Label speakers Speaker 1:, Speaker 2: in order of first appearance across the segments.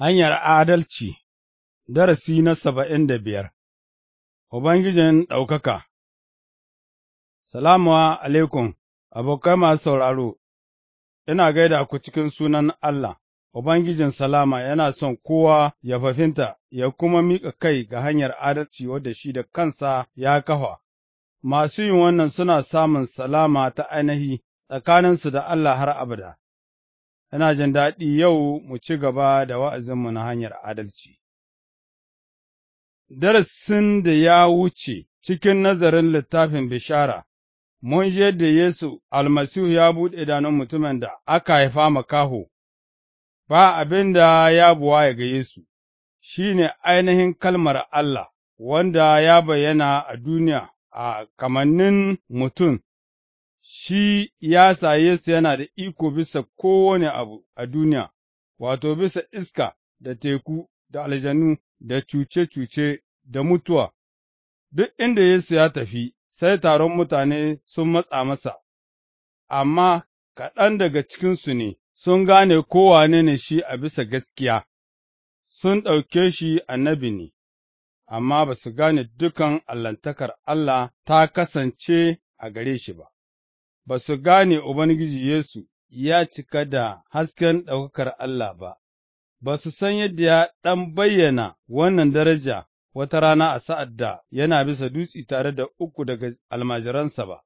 Speaker 1: Hanyar Adalci Darasi na saba'in da biyar Ubangijin ɗaukaka Salamu alaikum, abokai masu sauraro, ina gaida ku cikin sunan Allah, Ubangijin Salama yana son kowa ya fafinta ya kuma miƙa kai ga hanyar adalci wadda shi da kansa ya kafa. Masu yin wannan suna samun salama ta ainihi tsakaninsu da Allah har abada. Ina jin daɗi yau mu ci gaba da wa'azinmu na hanyar adalci. Darasin da ya wuce cikin nazarin littafin bishara, mun je da Yesu almasihu ya buɗe danon mutumin da aka haifa makaho, ba abin da ya buwa ya ga Yesu, shi ne ainihin kalmar Allah, wanda ya bayyana a duniya a kamannin mutum shi ya sa Yesu yana da iko bisa kowane abu a duniya, wato bisa iska da teku da aljanu da cuce-cuce da mutuwa, duk inda Yesu ya tafi, sai taron mutane sun matsa masa, amma kaɗan daga cikinsu ne sun gane kowane ne shi a bisa gaskiya, sun ɗauke shi annabi ne, amma ba su gane dukan allantakar Allah ta kasance a gare shi ba. ba su gane Ubangiji Yesu ya cika da hasken ɗaukakar Allah ba, ba su san yadda ya ɗan bayyana wannan daraja wata rana a sa'ad da yana bisa dutse tare da uku daga almajiransa ba.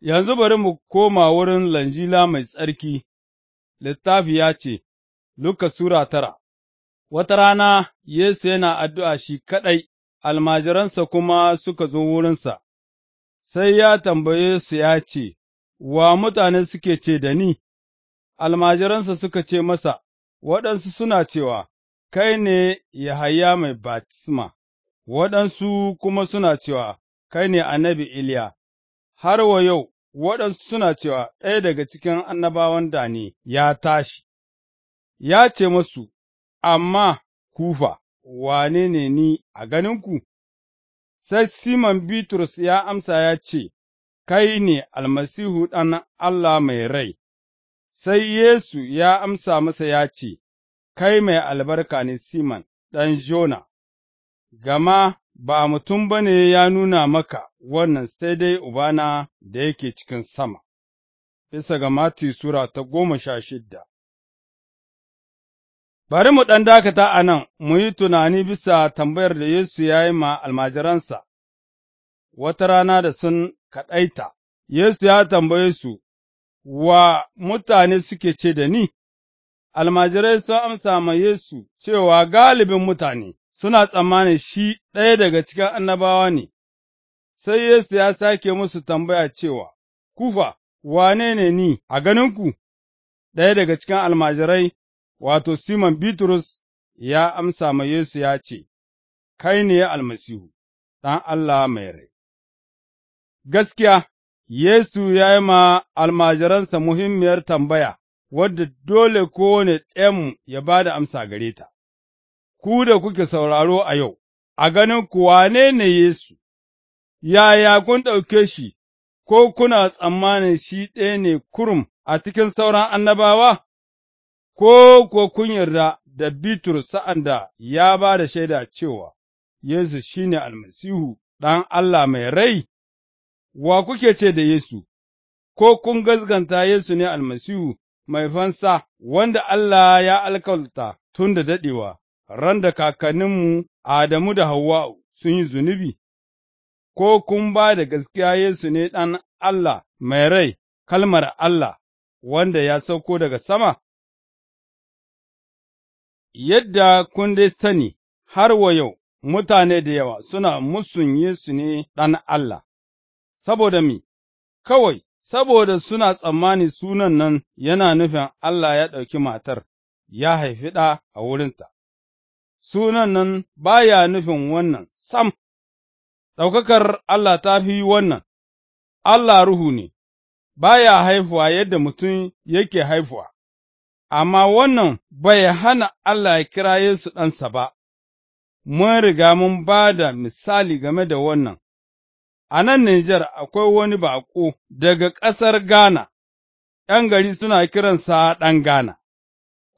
Speaker 1: Yanzu bari mu koma wurin Lanjila mai tsarki, littafi ya ce, Luka Sura tara, wata rana Yesu yana addu'a shi kaɗai, almajiransa kuma suka zo wurinsa, sai ya tambaye su ya ce, Wa mutane suke ce da ni, almajiransa suka ce masa, waɗansu suna cewa, Kai ne Yahaya mai batisma, waɗansu kuma suna cewa, Kai ne annabi Iliya, har wa yau waɗansu suna cewa ɗaya daga cikin annabawan da ne ya tashi, ya ce masu, Amma kufa, wane ne ni a ganinku? sai Siman Bitrus ya amsa ya ce, Kai ne almasihu ɗan Allah mai rai, sai Yesu ya amsa masa ya ce, Kai mai albarka ne Siman ɗan Jona, gama ba mutum ba ne ya nuna maka wannan sai dai Ubana da yake cikin sama, bisa ga Mati Sura ta goma sha shidda. Bari mu ɗan dakata a nan, mu yi tunani bisa tambayar da Yesu ya yi ma almajiransa, wata rana da sun kaɗaita, Yesu ya tambaye su, Wa mutane suke ce da ni, almajirai sun amsa ma Yesu cewa galibin mutane suna tsammanin shi ɗaya daga cikin annabawa ne, sai Yesu ya sake musu tambaya cewa, Kufa, wane ne ni a ganinku? Ɗaya daga cikin almajirai wato, Simon Bitrus ya amsa ma Yesu ya ce, Kai ne ya almasihu, ɗan Allah mai rai. Gaskiya, Yesu ya yi ma almajiransa muhimmiyar tambaya, wadda dole kowane ɗayanmu ya ba da amsa gare ta, ku da kuke sauraro a yau, a ganin ku wane ne Yesu, yaya kun ɗauke shi, ko kuna tsammanin shi ɗaya ne kurum a cikin sauran annabawa? ko kuwa kun yarda da Bitrus sa'an da ya ba da shaida cewa Yesu shi ne almasihu ɗan Allah mai rai, wa kuke ce da Yesu, ko kun gazganta Yesu ne almasihu mai fansa wanda Allah ya alkalta tun da daɗewa, ran da kakanninmu Adamu da Hawwa'u sun yi zunubi, ko kun ba da gaskiya Yesu ne ɗan Allah mai rai, kalmar Allah, wanda ya sauko daga sama? Yadda kun dai sani, har wa yau mutane da yawa suna musun Yesu ne ɗan Allah, saboda mi, kawai saboda suna tsammani sunan nan yana nufin Allah ya ɗauki matar, ya haifi ɗa a wurinta, sunan nan ba ya nufin wannan sam, ɗaukakar Allah ta fi wannan, Allah ruhu ne, Ba ya haifuwa yadda mutum yake haifuwa. amma wannan bai hana Allah ya kira Yesu ɗansa ba, mun riga mun ba da misali game da wannan. A nan Nijar akwai wani baƙo daga ƙasar Ghana, ’yan gari suna kiransa ɗan Ghana,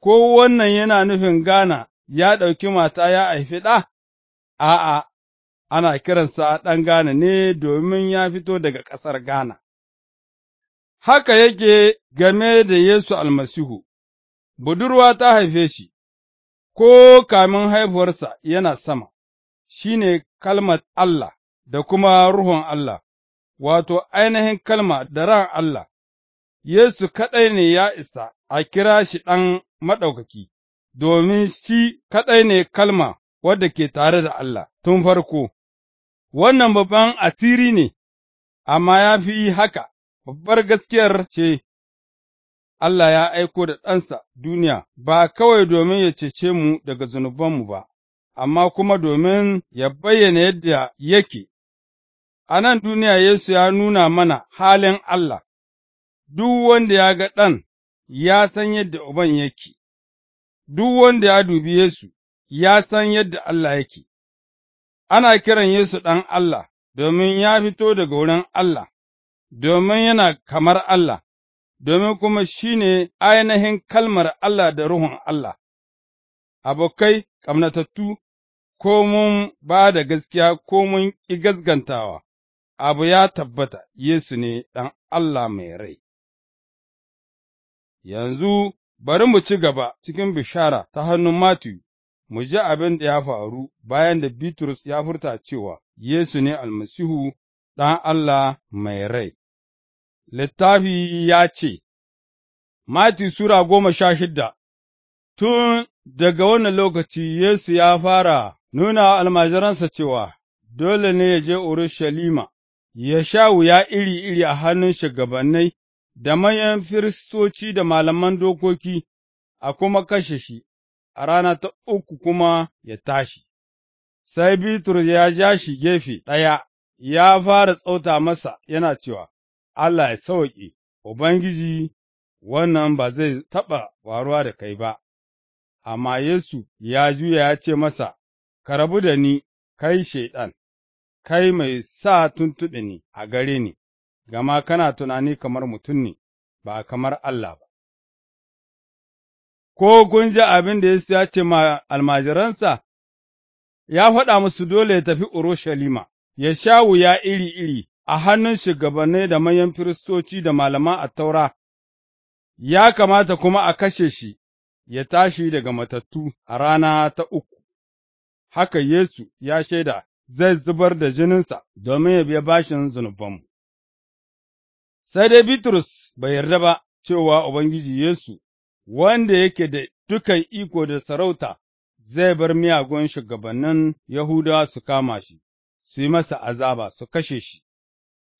Speaker 1: ko wannan yana nufin Ghana ya ɗauki mata ya haifi ɗa? A'a, ana kiransa ɗan Ghana ne domin ya fito daga ƙasar Ghana. Haka yake game da Yesu almasihu, budurwa ta haife shi, ko kamin haifuwarsa yana sama, shi ne kalmar Allah da kuma Ruhun Allah, wato ainihin kalma da ran Allah, Yesu kaɗai ne ya isa a kira shi ɗan maɗaukaki, domin shi kaɗai ne kalma wadda ke tare da Allah tun farko, wannan babban asiri ne, amma ya fi haka, babbar gaskiyar ce Allah ya aiko da ɗansa duniya ba kawai domin ya cece mu daga zunubanmu ba, amma kuma domin ya bayyana yadda yake. A nan duniya Yesu ya nuna mana halin Allah, duk wanda ya ga ɗan ya san yadda Uban yake, duk wanda ya dubi Yesu ya san yadda Allah yake, ana kiran Yesu ɗan Allah domin ya fito daga wurin Allah, domin yana kamar Allah, domin kuma shi ne ainihin kalmar Allah da Ruhun Allah. Abokai, ƙamnatattu, ko mun ba da gaskiya ko mun ƙi gaskantawa, abu ya tabbata Yesu ne ɗan Allah mai rai. Yanzu bari mu ci gaba cikin bishara ta hannun Matu mu ji abin da ya faru bayan da Bitrus ya furta cewa Yesu ne almasihu ɗan Allah mai rai. littafi ya ce, Mati Sura goma sha shidda Tun daga wannan lokaci Yesu ya fara nuna almajiransa cewa dole ne ya je Urushalima, ya sha wuya iri-iri a hannun shugabannai da manyan firistoci da malaman dokoki, a kuma kashe shi, a rana ta uku kuma ya tashi. Sai Bitrus ya ja shi gefe ɗaya, ya fara tsauta masa yana cewa, Allah ya sauƙi, Ubangiji wannan ba zai taɓa faruwa da kai ba, amma Yesu ya juya ya ce masa, Ka rabu da ni, kai Shaiɗan, kai mai sa tuntuɓe ni a gare ni, gama kana tunani kamar mutum ne, ba kamar Allah ba. Ko kun ji abin da Yesu ya ce ma almajiransa, ya faɗa musu dole ya tafi Urushalima, ya sha wuya iri-iri a hannun shugabannai da manyan firistoci da a attaura, ya kamata kuma a kashe shi, ya tashi daga matattu a rana ta uku, haka Yesu ya shaida zai zubar da jininsa domin ya biya bashin zunubanmu. Sai dai Bitrus bai yarda ba cewa Ubangiji Yesu, wanda yake da dukan iko da sarauta, zai bar miyagun shugabannin Yahudawa su kama shi, su yi masa azaba, su kashe shi.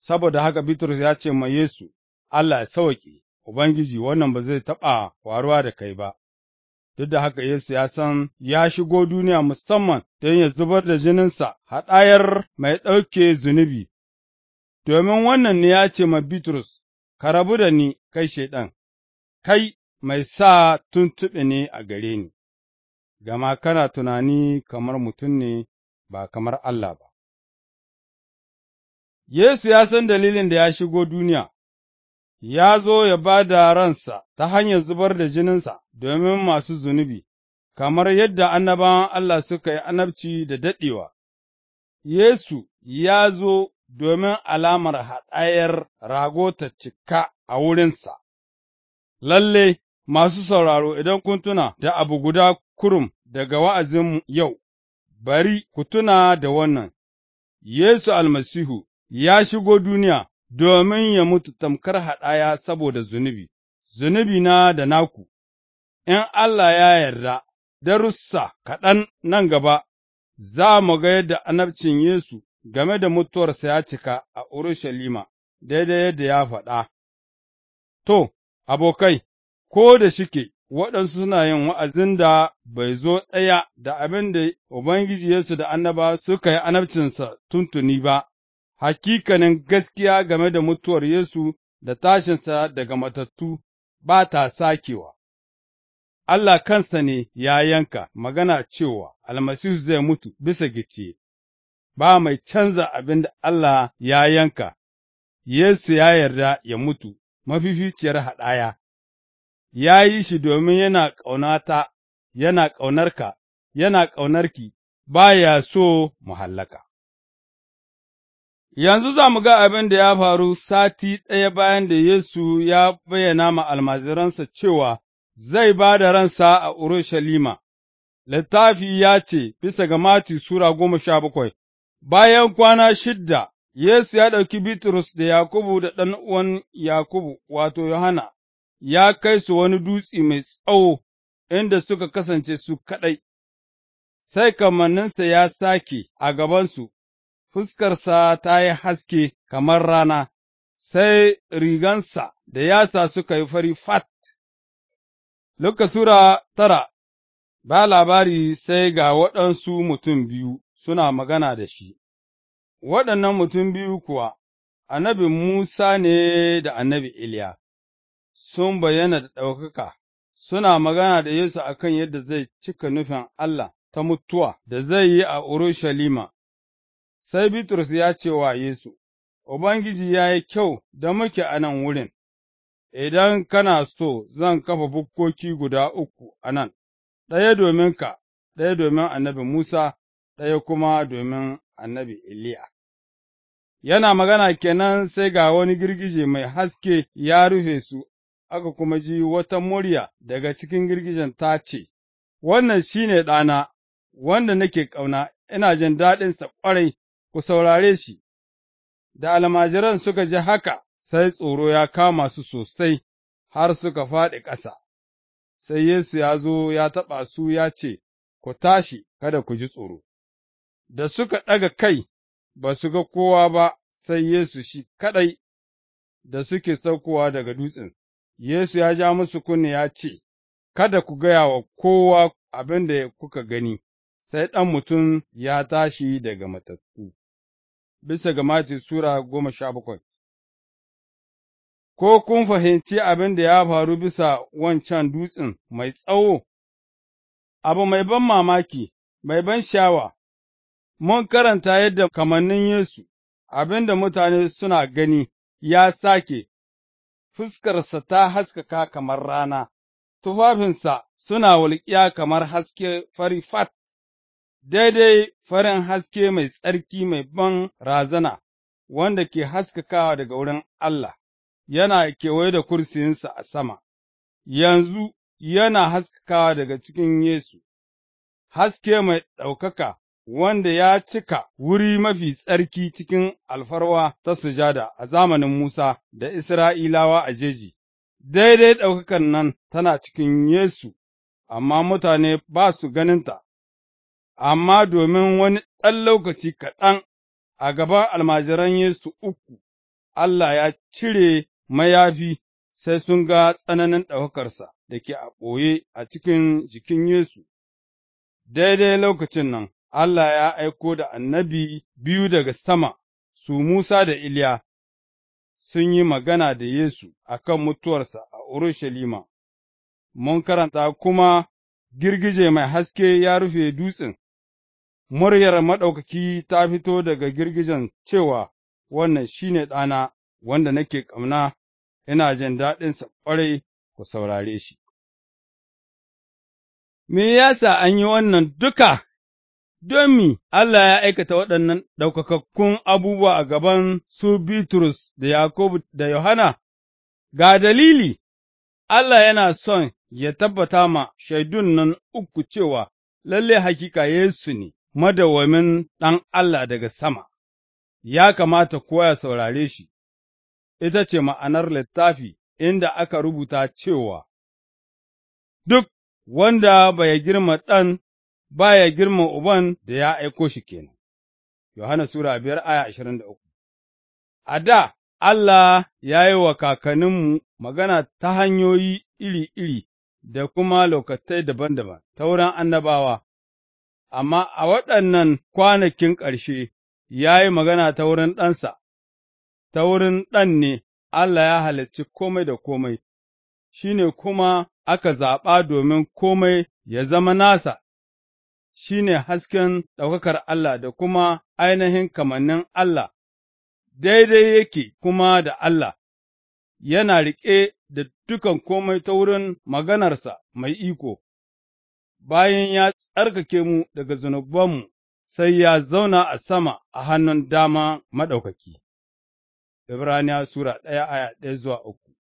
Speaker 1: saboda haka Bitrus ya ce ma Yesu, Allah ya sauƙi, Ubangiji wannan ba zai taɓa faruwa da kai ba. Duk da haka Yesu ya san ya shigo duniya musamman don ya zubar da jininsa haɗayar mai ɗauke zunubi, domin wannan ne ya ce ma Bitrus, Ka rabu da ni, kai Shaiɗan, kai mai sa tuntuɓe ne a gare ni, gama kana tunani kamar mutum ne ba kamar Allah ba. Yesu ya san dalilin da ya shigo duniya, ya zo ya ba da ransa ta hanyar zubar da jininsa domin masu zunubi, kamar yadda annabawan Allah suka yi annabci da daɗewa. Yesu ya zo domin alamar haɗayar rago ta cika a wurinsa, lalle masu sauraro idan kun tuna da abu guda kurum daga wa'azinmu yau, bari ku tuna da wannan, Yesu almasihu ya shigo duniya domin ya mutu tamkar haɗaya saboda zunubi, zunubi na da naku, in Allah ya yarda, darussa kaɗan nan gaba, za mu ga yadda annabcin Yesu game da mutuwarsa ya cika a Urushalima, daidai yadda ya faɗa. To, abokai, ko da shike waɗansu suna yin wa'azin da bai zo ɗaya da abin da Ubangiji Yesu da annaba suka yi annabcinsa tuntuni ba, hakikanin gaskiya game da mutuwar Yesu da tashinsa daga matattu ba ta sakewa. Allah kansa ne ya yanka magana cewa almasihu zai mutu bisa gice, ba mai canza abin da Allah ya yanka, Yesu ya yarda ya mutu mafificiyar haɗaya, ya yi shi domin yana ƙaunata, yana ƙaunarka, yana ƙaunarki, ba ya so mu hallaka. Yanzu za mu ga abin da ya faru sati ɗaya bayan da Yesu ya bayyana ma almaziransa cewa zai ba da ransa a Urushalima, littafi ya ce bisa ga Mati Sura goma sha bakwai, bayan kwana shidda, Yesu ya ɗauki Bitrus da Yakubu da ɗan uwan Yakubu, wato Yohana, ya kai su wani dutse mai tsawo inda suka kasance su kaɗai, sai kamanninsa ya sake a gabansu, fuskarsa ta yi haske kamar rana, sai rigansa da yasa suka yi fari fat. Luka Sura tara, ba labari sai ga waɗansu mutum biyu suna magana da shi, waɗannan mutum biyu kuwa, annabi Musa ne da annabi Iliya, sun bayyana da ɗaukaka, suna magana da Yesu akan yadda zai cika nufin Allah ta mutuwa da zai yi a Urushalima. sai Bitrus ya ce wa Yesu, Ubangiji ya yi kyau da muke a nan wurin, idan kana so zan kafa bukkoki guda uku a nan, ɗaya domin ka, ɗaya domin annabi Musa, ɗaya kuma domin annabi Iliya. Yana magana kenan sai ga wani girgije mai haske ya rufe su, aka kuma ji wata murya daga cikin girgijen ta ce, Wannan shi ne ɗana, wanda nake ƙauna, ina jin daɗinsa ƙwarai. ku saurare shi, da almajiran suka ji haka sai tsoro ya kama su sosai har suka faɗi ƙasa, sai Yesu ya zo ya taɓa su ya ce, Ku tashi kada ku ji tsoro, da suka ɗaga kai ba su ga kowa ba sai Yesu shi kaɗai da suke saukowa daga dutsen, Yesu ya ja musu kunne ya ce, Kada ku gaya wa kowa abin da kuka gani, sai ɗan mutum ya tashi daga matattu. bisa ga Mati Sura goma sha bakwai. Ko kun fahimci abin da ya faru bisa wancan dutsen mai tsawo, abu mai ban mamaki, mai ban shawa, mun karanta yadda kamannin Yesu, abin da mutane suna gani ya sake, fuskarsa ta haskaka kamar rana, tufafinsa suna walƙiya kamar haske fari fat. daidai farin haske mai tsarki mai ban razana, wanda ke haskakawa daga wurin Allah, yana kewaye da kursiyinsa a sama, yanzu yana haskakawa daga cikin Yesu, haske mai ɗaukaka wanda ya cika wuri mafi tsarki cikin alfarwa ta sujada a zamanin Musa da Isra'ilawa a jeji, daidai ɗaukakan nan tana cikin Yesu, amma mutane ba su ganinta amma domin wani ɗan lokaci kaɗan a gaban almajiran Yesu uku, Allah ya cire mayafi sai sun ga tsananin ɗaukarsa da ke a ɓoye a cikin jikin Yesu. Daidai lokacin nan, Allah ya aiko da annabi biyu daga sama, su Musa da Iliya, sun yi magana da Yesu a kan mutuwarsa a Urushalima, mun karanta kuma girgije mai haske ya rufe dutsen, muryar maɗaukaki ta fito daga girgijen cewa, Wannan shi ne ɗana, wanda nake ƙamna, ina jin daɗinsa ƙwarai ku saurare shi. Me yasa an yi wannan duka, don mi Allah ya aikata waɗannan ɗaukakakkun abubuwa a gaban su Bitrus da Yakubu da Yohana, ga dalili, Allah yana son ya tabbata ma shaidun nan uku cewa lalle hakika Yesu ne, madawwamin Ɗan Allah daga sama, ya kamata kowa ya saurare shi, ita ce ma'anar littafi inda aka rubuta cewa, Duk wanda ya girma ɗan ba ya girma uban da ya aiko shi kenan. Yohana Sura biyar aya ashirin da uku A da, Allah ya yi wa kakanninmu magana ta hanyoyi iri-iri da kuma lokatai daban-daban ta wurin annabawa, amma a waɗannan kwanakin ƙarshe ya yi magana ta wurin ɗansa, ta wurin ɗan ne Allah ya halicci komai da komai, shi ne kuma aka zaɓa domin komai ya zama nasa, shi ne hasken ɗaukakar Allah da kuma ainihin kamannin Allah, daidai yake kuma da Allah, yana riƙe da dukan komai ta wurin maganarsa mai iko. bayan ya tsarkake mu daga zunubanmu, sai ya zauna a sama a hannun dama maɗaukaki. Ibraniya Sura ɗaya aya ɗaya zuwa uku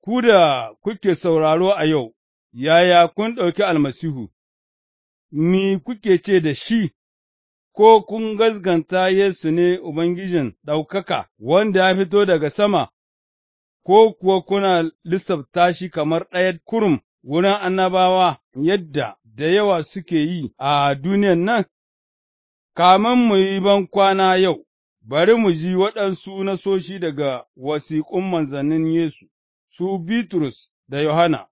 Speaker 1: Ku da kuke sauraro a yau, yaya kun ɗauki almasihu, ni kuke ce da shi, ko kun gazganta Yesu ne Ubangijin ɗaukaka wanda ya fito daga sama, ko kuwa kuna lissafta shi kamar ɗaya kurum wurin annabawa yadda da yawa suke yi a duniyan nan? Kamin mu yi ban kwana yau, bari mu ji waɗansu nasoshi daga wasiƙun manzannin Yesu, su Bitrus da Yohana,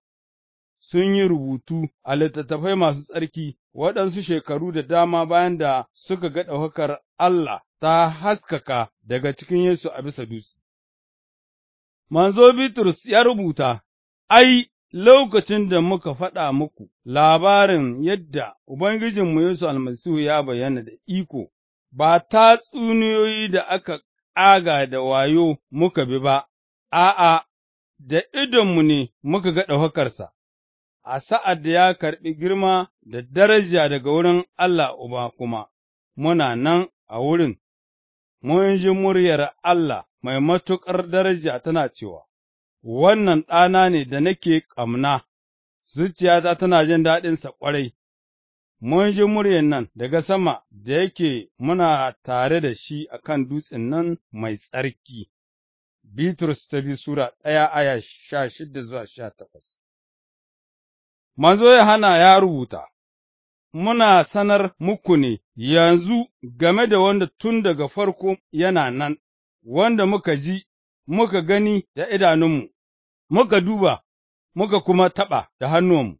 Speaker 1: sun yi rubutu a littattafai masu tsarki waɗansu shekaru da dama bayan da suka ga ɗaukakar Allah ta haskaka daga cikin Yesu a bisa dutse. Manzo Bitrus ya rubuta, Ai, lokacin da muka faɗa muku labarin yadda Ubangijinmu Yesu almasihu ya bayyana da iko, ba ta tsuniyoyi da aka ƙaga da wayo muka bi ba, a'a, da idonmu ne muka ga ɗaukakarsa, a sa'ad da ya karɓi girma da daraja daga wurin Allah Uba kuma, muna nan a wurin, mun ji muryar Allah mai matuƙar daraja tana cewa. Wannan ɗana ne da nake ƙamna, zuciyata tana jin daɗinsa ƙwarai, mun ji muryan nan daga sama da yake muna tare da shi a kan dutsen nan mai tsarki. Bitrus ta bi Sura ɗaya aya sha shida zuwa sha takwas Manzo hana ya rubuta, Muna sanar muku ne yanzu game da wanda tun daga farko yana nan, wanda muka ji muka gani da idanunmu, muka duba, muka kuma taɓa da hannuwanmu,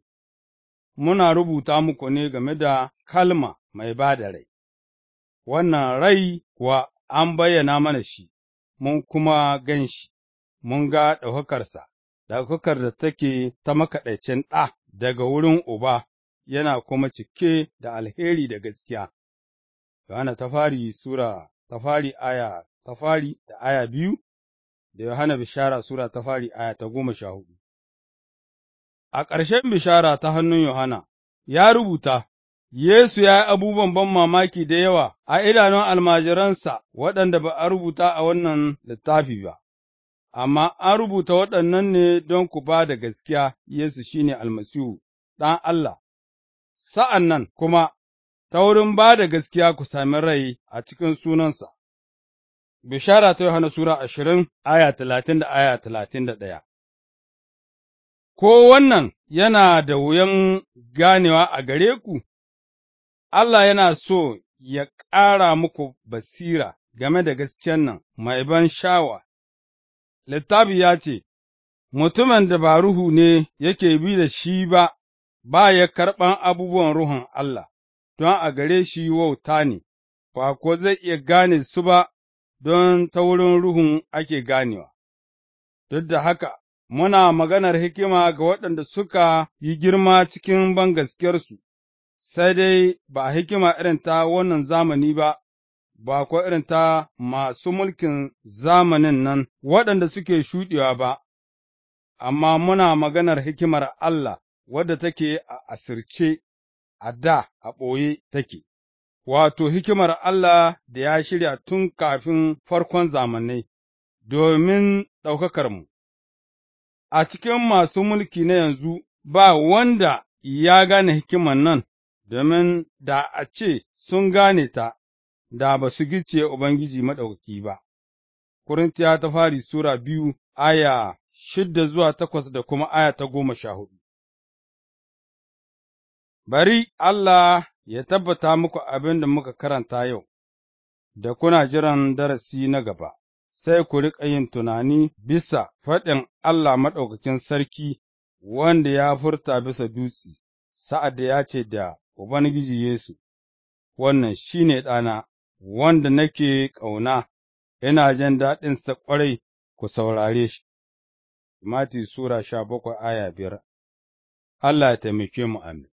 Speaker 1: muna rubuta muku ne game da kalma mai ba da rai, wannan rai kuwa an bayyana mana shi, mun kuma gan shi, mun ga ɗaukakarsa, ɗaukakar da take ta makaɗaicin ɗa daga wurin Uba, yana kuma cike da alheri da gaskiya. Yohana ta fari Sura ta fari aya ta fari da aya biyu da Yohana Bishara Sura ta fari aya ta goma sha hudu. A ƙarshen bishara ta hannun Yohana, ya rubuta, Yesu ya yi abubuwan ban mamaki da yawa a idanun almajiransa waɗanda ba a rubuta a wannan littafi ba, amma an rubuta waɗannan ne don ku ba da gaskiya Yesu shine almasihu, ɗan Allah, sa'an nan kuma ta wurin ba da gaskiya ku sami rai a cikin sunansa. Bishara ta Yohana Sura ashirin aya talatin da aya talatin da ɗaya Ko wannan yana da wuyan ganewa a gare ku, Allah yana so ya ƙara muku basira game da gaskiyan nan mai ban shawa. Littafi ya ce, Mutumin da ba ruhu ne yake bi da shi ba, ba ya karɓan abubuwan ruhun Allah, don a gare shi wauta ne, ba ko zai iya gane su ba don ta wurin Ruhun ake ganewa, duk da haka muna maganar hikima ga waɗanda suka yi girma cikin bangaskiyarsu, sai dai ba hikima irin ta wannan zamani ba, ba kwa irin ta masu mulkin zamanin nan waɗanda suke shuɗewa ba, amma muna maganar hikimar Allah wadda take a asirce, a da a ɓoye take. wato, hikimar Allah da ya shirya tun kafin farkon zamanai, domin ɗaukakarmu. A cikin masu mulki na yanzu ba wanda ya gane hikimar nan, domin da a ce sun gane ta, da ba su gice Ubangiji Maɗaukaki ba. Kurintiya ta fari Sura biyu aya shidda zuwa takwas da kuma aya ta goma sha hudu. Bari Allah ya tabbata muku abin da muka karanta yau, da kuna jiran darasi na gaba, sai ku riƙa yin tunani bisa faɗin Allah Maɗaukakin Sarki wanda ya furta bisa dutse, sa'ad da ya ce da Ubangiji Yesu, wannan shi ne ɗana, wanda nake ƙauna, ina jan daɗinsa ƙwarai ku saurare shi. Mati Sura sha bakwai aya biyar Allah ya taimake mu amin.